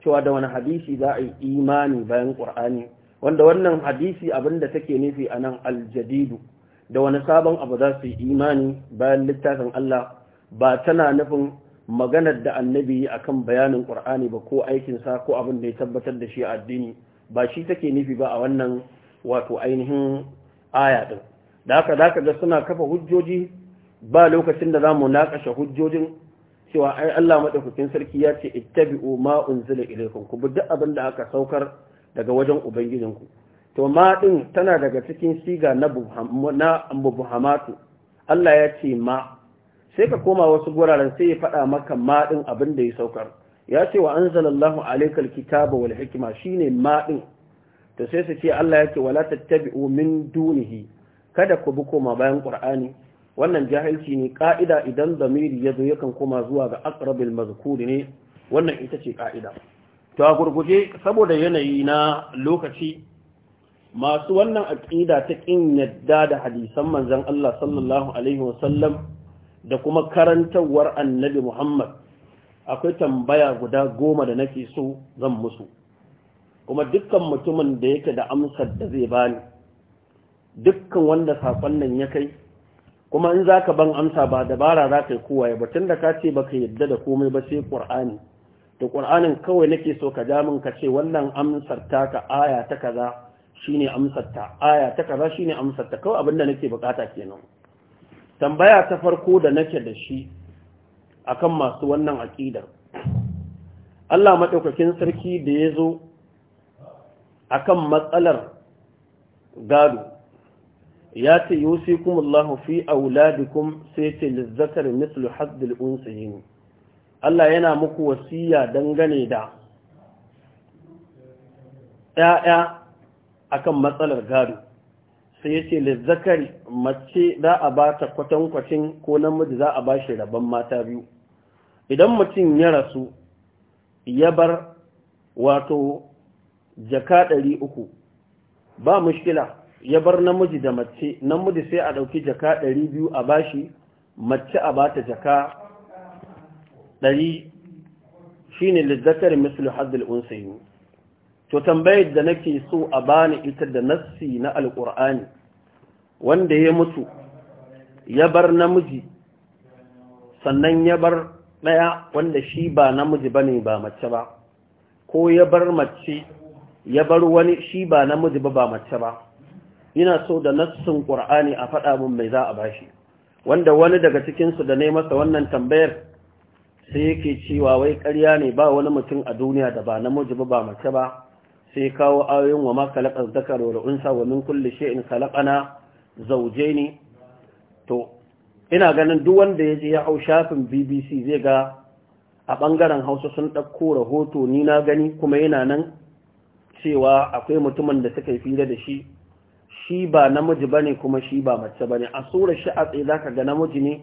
cewa da wani hadisi za a yi imani bayan ƙur'ani wanda wannan hadisi abin da take nufi a nan aljadidu da wani sabon abu za su yi imani bayan littafin Allah ba tana nufin maganar da annabi yi akan bayanin ƙur'ani ba ko aikinsa ko abin da ya tabbatar da shi a addini ba shi take nufi ba a wannan wato ainihin aya ɗin da haka za ka ga suna kafa hujjoji ba lokacin da za mu naƙashe hujjojin cewa ai Allah madaukakin sarki ya ce ittabi'u ma unzila ilaykum ku bi duk abin da aka saukar daga wajen ubangijinku to ma din tana daga cikin siga na na buhamatu Allah ya ce ma sai ka koma wasu guraren sai ya faɗa maka ma din abin ya saukar ya ce wa anzalallahu alaykal kitaba wal hikma shine ma din to sai su ce Allah ya ce wala tattabi'u min dunihi kada ku bi koma bayan qur'ani wannan jahilci ne ka'ida idan zamiri ya zo yakan koma zuwa ga akrabil mazkuri ne wannan ita ce ka'ida to a gurguje saboda yanayi na lokaci masu wannan aqida ta kin yadda da hadisan manzon Allah sallallahu alaihi wasallam da kuma karantawar annabi Muhammad akwai tambaya guda goma da nake so zan musu kuma dukkan mutumin da yake da amsar da zai bani dukkan wanda sakon nan ya kai kuma in za ka ban amsa ba dabara za ka yi kowa ya tun da ka ce ba ka yadda da komai ba sai ƙur'ani da ƙur'anin kawai nake so ka jamin ka ce wannan amsar ta ka aya ta kaza shine amsar ta aya ta kaza shine amsar ta kawai abinda nake bukata kenan tambaya ta farko da nake da shi akan masu wannan aƙidar Allah maɗaukakin sarki da ya zo a kan matsalar gado ya ce kuma Allahu fi auladikum sai ce lizzakar mislu haddil unsiyin Allah yana muku wasiya dangane da ‘ya'ya akan matsalar gado sai ya ce lizzakari mace za a ba ta kwatankwacin ko namiji za a ba shi rabon mata biyu idan mutum ya rasu ya bar wato jaka ɗari uku ba mushkila ya bar namiji da mace namiji sai a ɗauki jaka ɗari biyu a bashi mace a bata jaka ɗari shi ne lizzakar mislu haddal unsayi to tambayar da nake so a bani ita da nassi na alƙur'ani wanda ya mutu ya bar namiji sannan ya bar ɗaya wanda shi ba namiji ba ne ba mace ba ko ya bar mace ya bar wani shi ba namiji ba ba mace ba ina so da nassun ƙur'ani a faɗa mun mai za a bashi wanda wani daga cikinsu da ne masa wannan tambayar sai yake cewa wai ƙarya ne ba wani mutum a duniya da ba namiji ba ba mace ba sai kawo ayoyin wa ma kalaqal dhakara wal unsa wa min kulli shay'in khalaqana ne. to ina ganin duk wanda yaje ya hau shafin BBC zai ga a bangaren Hausa sun ɗauko rahoto ni na gani kuma yana nan cewa akwai mutumin da suka yi fira da shi shi ba namiji bane kuma shi ba mace bane a tsaye za ka ga namiji ne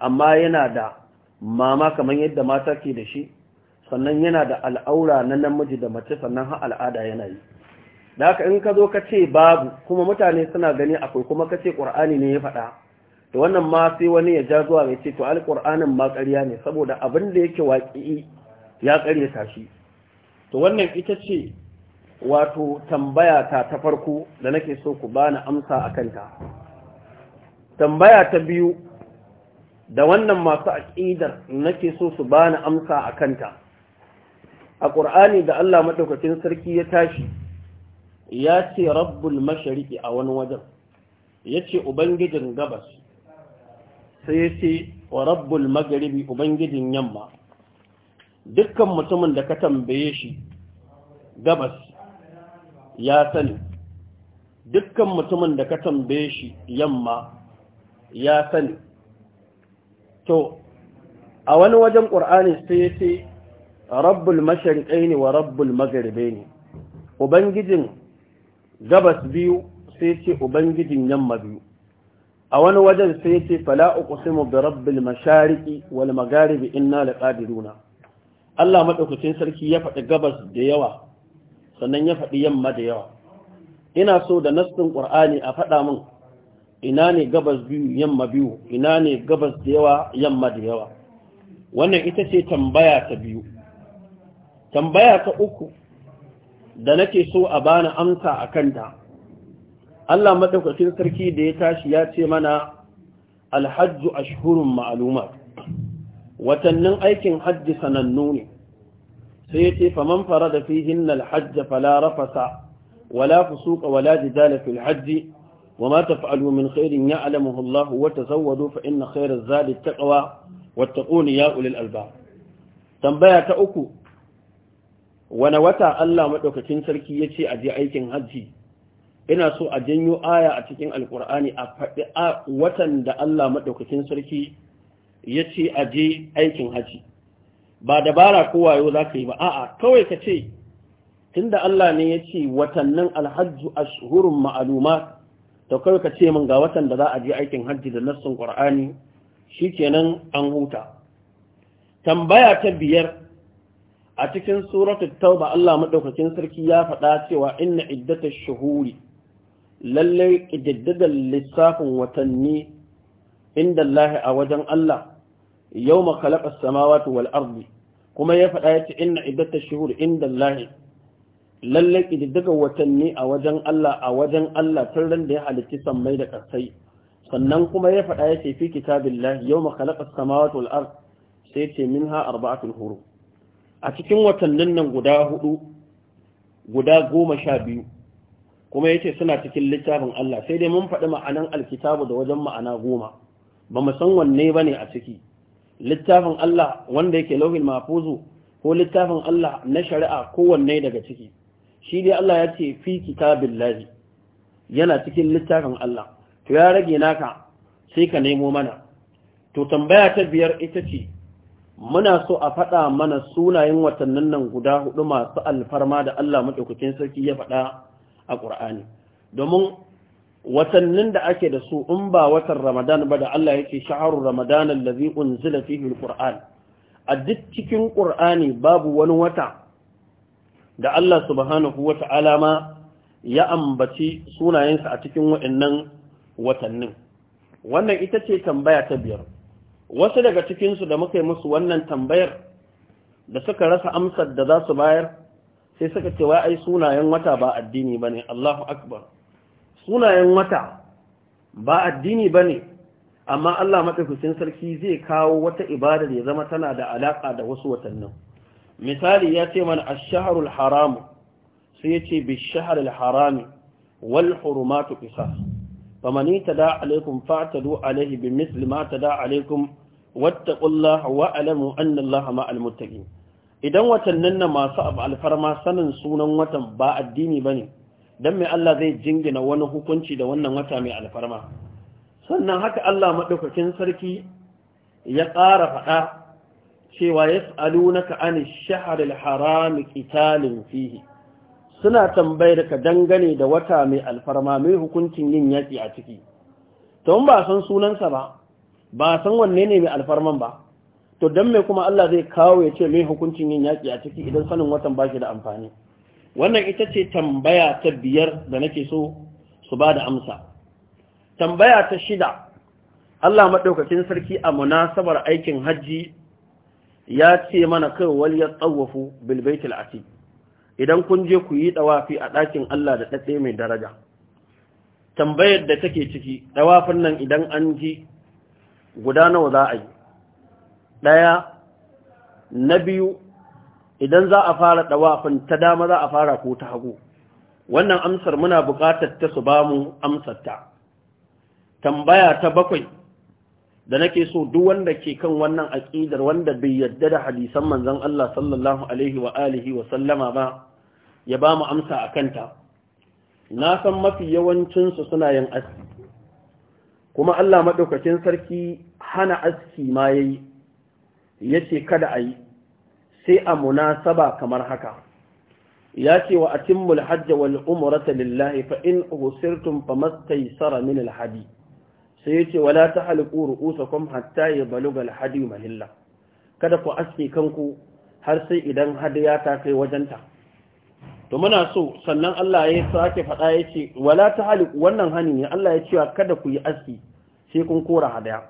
amma yana da mama kamar yadda mata ke da shi sannan yana da al'aura na namiji da mace sannan har al'ada yana yi da haka in ka zo ka ce babu kuma mutane suna gani akwai kuma ka ce ƙur'ani ne ya faɗa da wannan ma sai wani ya ja zuwa mai ce to alƙur'anin ma ƙarya ne saboda abin da yake waƙi ya ƙaryata shi to wannan ita ce wato tambaya ta ta farko da nake so ku bani amsa a kanta tambaya ta biyu da wannan masu aƙidar nake so su bani amsa a kanta a ƙur'ani da Allah maɗaukacin sarki ya tashi ya ce rabbul mashariki a wani wajen ya ce ubangijin gabas sai ya ce wa rabbul magaribi ubangijin yamma dukkan mutumin da ka tambaye shi gabas ya sani dukkan mutumin da ka tambaye shi yamma ya sani to a wani wajen ƙur'ani sai ya ce rabbul mashariƙai ne wa rabbul magaribai ne ubangijin gabas biyu sai ce ubangijin yamma biyu a wani wajen sai ce fala uqsimu bi rabbil mashariqi wal magharibi inna laqadiruna Allah madaukakin sarki ya faɗi gabas da yawa sannan ya faɗi yamma da yawa ina so da nassin ƙur'ani a faɗa min ina ne gabas biyu yamma biyu ina ne gabas da yawa yamma da yawa wannan ita ce tambaya ta biyu tambaya ta uku da nake so a bani amsa a kanta Allah maɗaukacin sarki da ya tashi ya ce mana alhajju ashhurun ma'aluma watannin aikin hajji sanannu ne sai yace faman da fihin alhajj fala rafasa wala fusuqa wala jidala fil hajj wama taf'alu min khairin ya'lamuhu Allah wa tazawwadu fa inna khairaz zadi taqwa wattaquni ya ulil albab tambaya ta uku wani wata Allah madaukakin sarki yace je aikin hajji ina so a janyo aya a cikin alkur'ani a faɗi watan da Allah madaukakin sarki a je aikin hajji ba dabara ko wayo za ka yi ba a'a kawai ka ce tunda Allah ne ya ce watannin alhajju ashhurun ma'aluma to kawai ka ce min ga watan da za a je aikin hajji da nassin qur'ani shikenan an huta tambaya ta biyar a cikin suratul tauba Allah madaukakin sarki ya faɗa cewa inna iddata shuhuri lallai ƙididdigar lissafin watanni inda Allah a wajen Allah Yau khalaqa as-samawati wal ardi kuma ya faɗa yace inna iddata shuhur inda Allah lalle kididdiga watanni a wajen a wajen Allah tun ran da ya halitta sammai da ƙasai sannan kuma ya faɗa yace fi kitabillah yawma khalaqa as-samawati wal ardi sai ce minha arba'atul hurum a cikin watannin nan guda hudu guda goma sha biyu kuma yace suna cikin littafin Allah sai dai mun faɗi ma'anan alkitabu da wajen ma'ana goma ba mu san wanne ba ne a ciki littafin Allah wanda yake lauhin mafuzu ko littafin Allah na shari'a kowanne daga ciki shi dai Allah ya ce fi kitabin lazi yana cikin littafin Allah to ya rage naka sai ka nemo mana to tambaya ta biyar ita ce muna so a faɗa mana sunayen watannin nan guda hudu masu alfarma da Allah maɗaukakin sarki ya faɗa a ƙur'ani domin watannin da ake da su in ba watan ramadan ba da Allah yake sha'aru ramadan allazi unzila fihi alquran a duk cikin qur'ani babu wani wata da Allah subhanahu wata'ala ma ya ambaci sunayensa a cikin waɗannan watannin wannan ita ce tambaya ta biyar wasu daga cikinsu da muka yi musu wannan tambayar da suka rasa amsar da za su bayar sai suka ce wa ai sunayen wata ba addini ba ne allahu akbar sunayen wata ba addini ba ne amma Allah maɗaukacin sarki zai kawo wata ibada da ya zama tana da alaƙa da wasu watannin misali ya ce mana a shahrul haramu, sai ya ce bish-shahril haram wal hurumatu qisas faman yatada alaikum fa'tadu alaihi bimithli ma tada alaikum wattaqullaha wa'lamu anna Allaha ma'al muttaqin idan watannin nan masu alfarma sanin sunan watan ba addini bane dan mai Allah zai jingina wani hukunci da wannan wata mai alfarma sannan haka Allah madaukakin sarki ya ƙara faɗa cewa yas'alunaka an ash-shahr al-haram italin fihi suna tambayar ka dangane da wata mai alfarma mai hukuncin yin yaki a ciki to ba san sunansa ba ba san wanne ne mai alfarman ba to dan mai kuma Allah zai kawo ya ce mai hukuncin yin yaƙi a ciki idan sanin watan ba shi da amfani wannan ita ce tambaya ta biyar da nake so su ba da amsa tambaya ta shida Allah maɗaukakin sarki a munasabar aikin hajji ya ce mana kai wal ya tsawafu bilbaitul ati idan kun je ku yi ɗawafi a ɗakin Allah da ɗaɗe mai daraja tambayar da take ciki ɗawafin nan idan an ji guda nawa za a yi ɗaya na biyu idan za a fara ɗawafin ta dama za a fara ko ta hagu wannan amsar muna buƙatar ta su ba mu amsarta tambaya ta bakwai da nake so duk wanda ke kan wannan aƙidar wanda bai yarda da hadisan manzon Allah sallallahu alaihi wa alihi wa sallama ba ya ba mu amsa a kanta na san mafi yawancinsu suna yin aski kuma Allah maɗaukacin sarki hana aski ma yayi yace kada a yi sai a munasaba kamar haka ya ce wa atimmul hajja wal umrata lillahi fa in usirtum famastaysara min al hadi sai yace wala ruusa ru'usakum hatta yablugha al hadi mahilla kada ku aske kanku har sai idan ya ta kai wajenta to muna so sannan Allah ya sake faɗa ce, wala tahliqu wannan hani ne Allah ya ce kada ku yi aski sai kun kora hadaya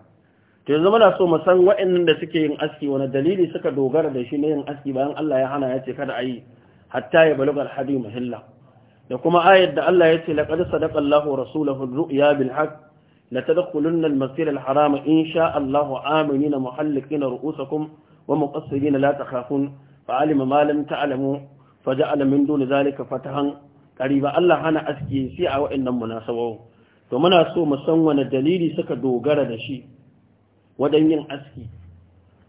to yanzu muna so mu san waɗannan da suke yin aski wani dalili suka dogara da shi na yin aski bayan Allah ya hana ya ce kada a yi hatta ya balugar hadi muhilla da kuma ayar da Allah ya ce laqad sadaqa Allahu rasulahu ar-ru'ya bil haqq la tadkhulunna al-masjid al-haram insha Allah aminina muhalliqina ru'usakum wa muqassirina la takhafun fa'alima ma lam ta'lamu faja'ala alamin duni zalika fatahan ba Allah hana aski sai a waɗannan munasabawo to muna so mu san wani dalili suka dogara da shi wajen yin aski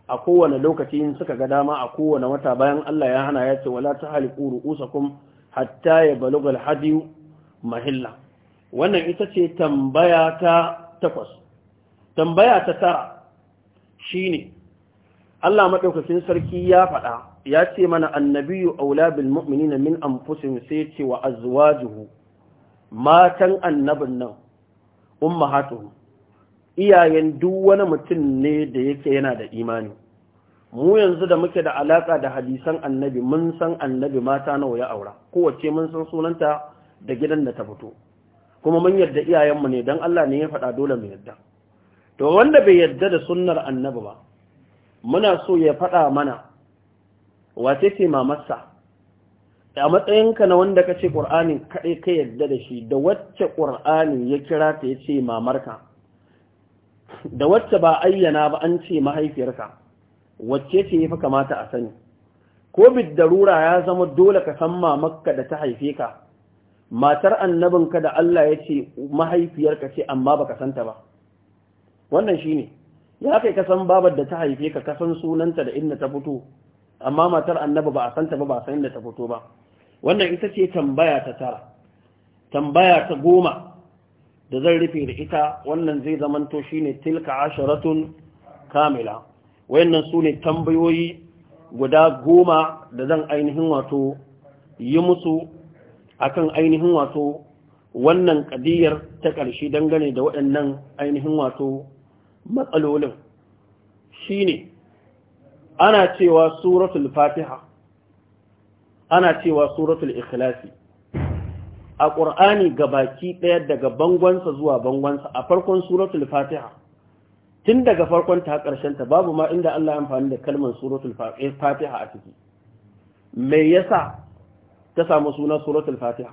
a kowane lokaci in suka ga dama a kowane wata bayan Allah ya hana ya ce wala ta haliku ru'usakum hatta ya balugal hadiyu mahilla wannan ita ce tambaya ta takwas tambaya ta tara shine Allah madaukakin sarki ya faɗa ya ce mana annabiyu aula bil mu'minina min anfusihim sai ce wa azwajuhu matan annabin nan ummahatuhum iyayen duk wani mutum ne da yake yana da imani mu yanzu da muke da alaka da hadisan annabi mun san annabi mata nawa ya aura kowace mun san sunanta da gidan da ta fito kuma mun yarda iyayenmu ne don Allah ne ya faɗa dole mu yarda to wanda bai yarda da sunnar annabi ba muna so ya faɗa mana wace ce mamarsa a matsayinka na wanda ka ce ƙur'ani kaɗai ka yarda da shi da wacce ƙur'ani ya kira ta ya ce mamarka da wacce ba ayyana ba an ce mahaifiyarsa wacce ce ya fi kamata a sani ko darura ya zama dole ka san mamakka da ta haife ka matar annabinka da Allah ya ce mahaifiyarka ce amma baka santa ba wannan shine ya kai ka san babar da ta haife ka ka san sunanta da inda ta fito amma matar annabi ba a santa ba ba san inda ta fito ba wannan ita ce tambaya ta tara tambaya ta goma da zan rufe da ita wannan zai zamanto shi ne tilka asharatun kamila wayannan su ne tambayoyi guda goma da zan ainihin wato yi musu akan ainihin wato wannan kadiyar ta ƙarshe dangane da waɗannan ainihin wato matsalolin Shi ne. ana cewa suratul fatiha ana cewa suratul ikhlasi a ƙur'ani baki ɗaya daga bangonsa zuwa bangonsa a farkon suratul fatiha tun daga farkon ta ƙarshen ta babu ma inda Allah amfani da kalmar suratul eh, fatiha a ciki me yasa ta samu suna suratul fatiha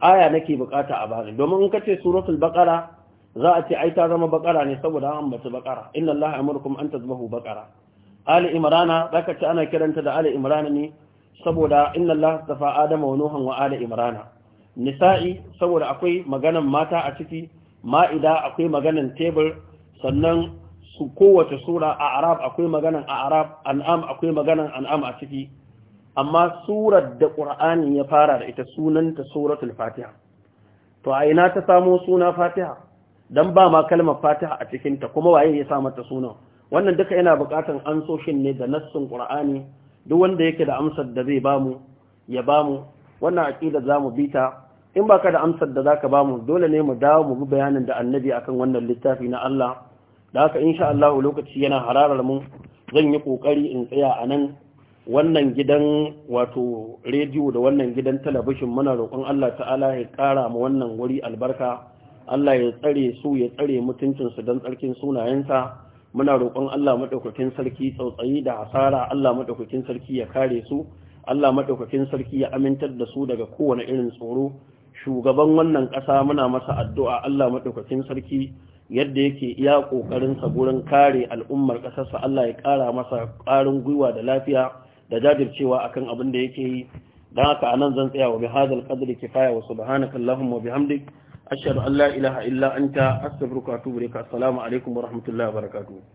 aya nake bukata a bani domin in ka ce suratul baqara za a ce ai ta zama baqara ne saboda an ambata baqara inna Allah amurukum an tazbahu baqara ali imrana zaka ce ana kiranta da ali imrana ne saboda inna Allah tafa adama wa nuhan wa ali imrana nisa'i saboda akwai maganan mata a ciki ma'ida akwai maganan tebur sannan su kowace sura a arab akwai maganan a arab an'am akwai maganan an'am a ciki amma surar da ƙur'ani ya fara da ita sunanta suratul fatiha to a ina ta samo suna fatiha don ba ma kalmar fatiha a cikinta kuma waye ya sa mata sunan wannan duka yana buƙatar ansoshin ne da nassin ƙur'ani duk wanda yake da amsar da zai bamu ya bamu wannan aƙila za mu bita in ba ka da amsar da za ka ba mu dole ne mu dawo mu bi bayanin da annabi akan wannan littafi na Allah da haka insha Allah lokaci yana hararar mu zan yi kokari in tsaya a nan wannan gidan wato rediyo da wannan gidan talabishin muna roƙon Allah ta'ala ya ƙara mu wannan wuri albarka Allah ya tsare su ya tsare mutuncinsu don tsarkin sunayensa muna roƙon Allah maɗaukakin sarki tsautsayi da hasara Allah madaukakin sarki ya kare su Allah madaukakin sarki ya amintar da su daga kowane irin tsoro shugaban wannan ƙasa muna masa addu'a Allah maɗaukakin sarki yadda yake iya ƙoƙarinsa gurin kare al'ummar ƙasarsa Allah ya ƙara masa ƙarin gwiwa da lafiya da jajircewa akan abin da yake yi don haka a nan zan tsaya wa bihazal qadri kifaya wa subhanaka allahumma wa bihamdik ashhadu an la ilaha illa anta astaghfiruka wa atubu ilaik assalamu alaikum wa rahmatullahi wa